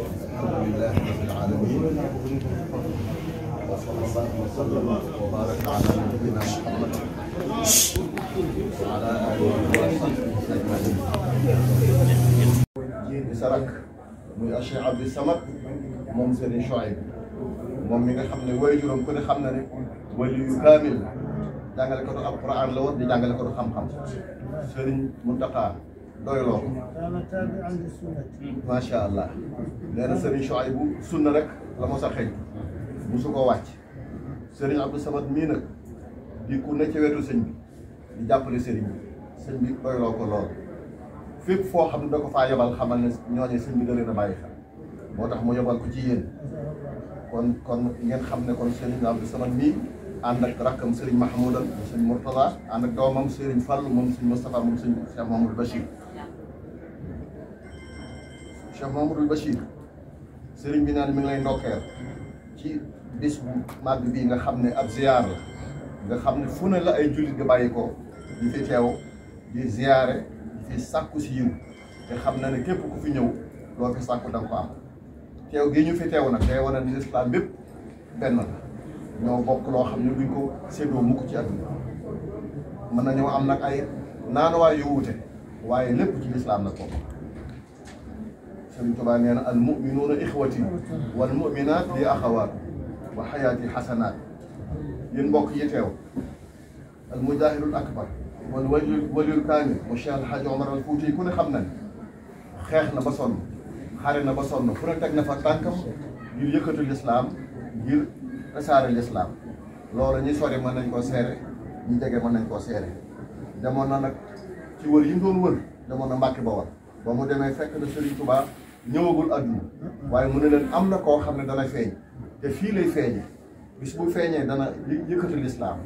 الحمد لله رب العالمين وصلى الله وسلم وبارك على نبينا محمد وعلى اله وصحبه اجمعين di Sarak muy Cheikh Abdou Samad moom Serigne Chouaib moom mi nga xam ne waajuram ku ne xam na ne wali yu kaamil jàngale ko du Alxuraan la woon di jàngale ko du xam-xam Serigne Mountakha doyloo ko macha allah nee na Serigne Chouaïbou sunna rek la mos a xeeñ mosu ko wàcc Serigne Abdou Samad mii nag di ne ci wetu bi di jàppale Serigne bi sëñ bi doyloo ko lool fépp foo xam ne da ko faa yebal xamal ne ñooñu sëñ bi da leen a bàyyi xel moo tax mu yebal ko ci yéen kon kon ngeen xam ne kon Serigne Abdou Samad mii ànd ak rakkam Serigne Mahmoudan Serigne Mourtala ànd ak doomam Serigne Fall moom Serigne Moustapha moom Serigne Cheikh Mamadou Bachir sëriñ bi naan mi ngi lay ndokkeel ci bis bu màgg bii nga xam ne ak ziar la nga xam ne fu ne la ay jullit nga bàyyi ko di fi teew di ziare di fi sàkku si yiw te xam na ne képp ku fi ñëw loo fi sàkku da ko am teew gi ñu fi teew nag day wane ni lislaam bépp benn la ñoo bokk loo xam ne duñ ko séddoo mukk ci àdduna na ñëw am nag ay naanuwaay yu wuute waaye lépp ci lislaam la bokk سمتوا المؤمنون إخوتي والمؤمنات لي أخوات وحياتي حسنات ينبوك يتعو المجاهد الأكبر والولي الكامل والشيخ الحاج عمر الفوتي يكون خمنا خيخنا بصن خارنا بصن فرنتك نفتانكم يل يكتل الإسلام يل رسال الإسلام لولا ني سوري من ننكو سيري ني من ننكو سيري دمونا نك تيور يمدون ور دمونا مباكي بوار ba mu demee fekk na Serigne Touba ñëwagul adduna waaye mu ne leen am na koo xam ne dana feeñ te fii lay feeñee bis bu feeñee dana yëkkati lislaam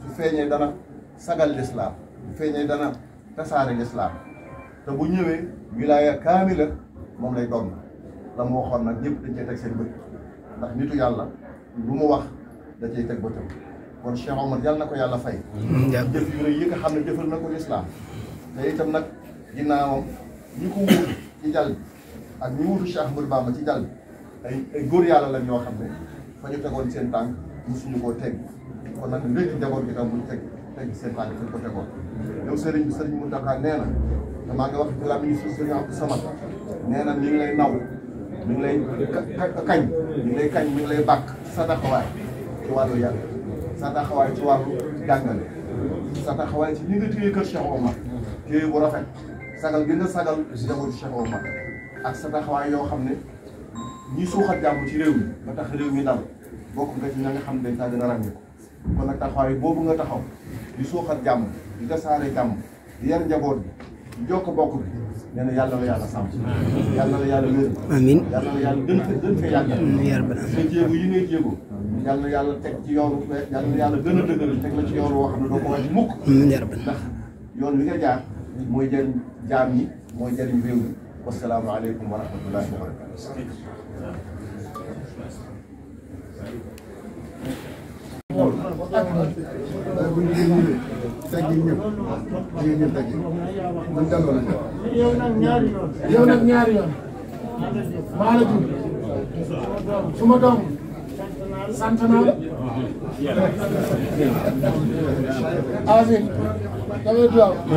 su feeñee dana sagal lislaam su feeñee dana tasaare lislaam te bu ñëwee wilaaya kaamila moom lay doon la mu waxoon nag ñëpp dañ cee teg seen bët ndax nitu yàlla lu mu wax dañ cay teg bëtam kon Cheikh Omar yàlla na ko yàlla fay jëf yu rëy yi xam ne jëfal na ko lislaam te itam nag ginnaawam ñi ko wóor ci jal bi ak ñi wutu Cheikh Ahmadou Bamba ci jal ay ay góor yàlla la ñoo xam ne fa ñu tegoon seen tànk mosuñu koo teg kon nag léegi njaboot gi tam mu teg teg seen tànk dañ ko tegoon yow sëriñ bi sëriñ Mountakha nee ngi wax ci la ministre sëriñ Abdou Samad na mi ngi lay naw mi ngi lay kañ mi ngi lay kañ mi lay bàkk sa taxawaay ci wàllu yàlla sa taxawaay ci wàllu jàngale sa taxawaay ci ñi nga téye kër Cheikh Omar téye bu rafet sagal gën a sagal si jamono Cheikh Omar ak sa taxawaay yoo xam ne ñi suuxat jàmm ci réew mi ba tax réew yi dal bokk nga ci ña nga xam ne dañ saa gën a boobu nga taxaw di suuxat jàmm di tasaare jàmm di yar njaboot bi di ko bokk bi nee na yàlla la yàlla sàmm yàlla la yàlla wér amiin yàlla la yàlla gën gën fee yàggal sa jéego yi ngay yàlla na yàlla teg ci yoonu yàlla yàlla gën a dëgëral teg la ci yoon woo xam ne doo ko wàññi mukk yoon wi nga jaar mooy jëriñ jaam ñi mooy jëriñ réew mi wa rahmatullahi wa barakatu tagg yi ñëpp ñu ngi ñëpp tagg man delloo naa la amin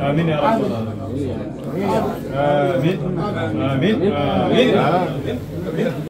Ah, minha ya Rasulullah. Amin. Amin. Ah, Amin. Ah, Amin. Amin. Amin. Amin. Amin.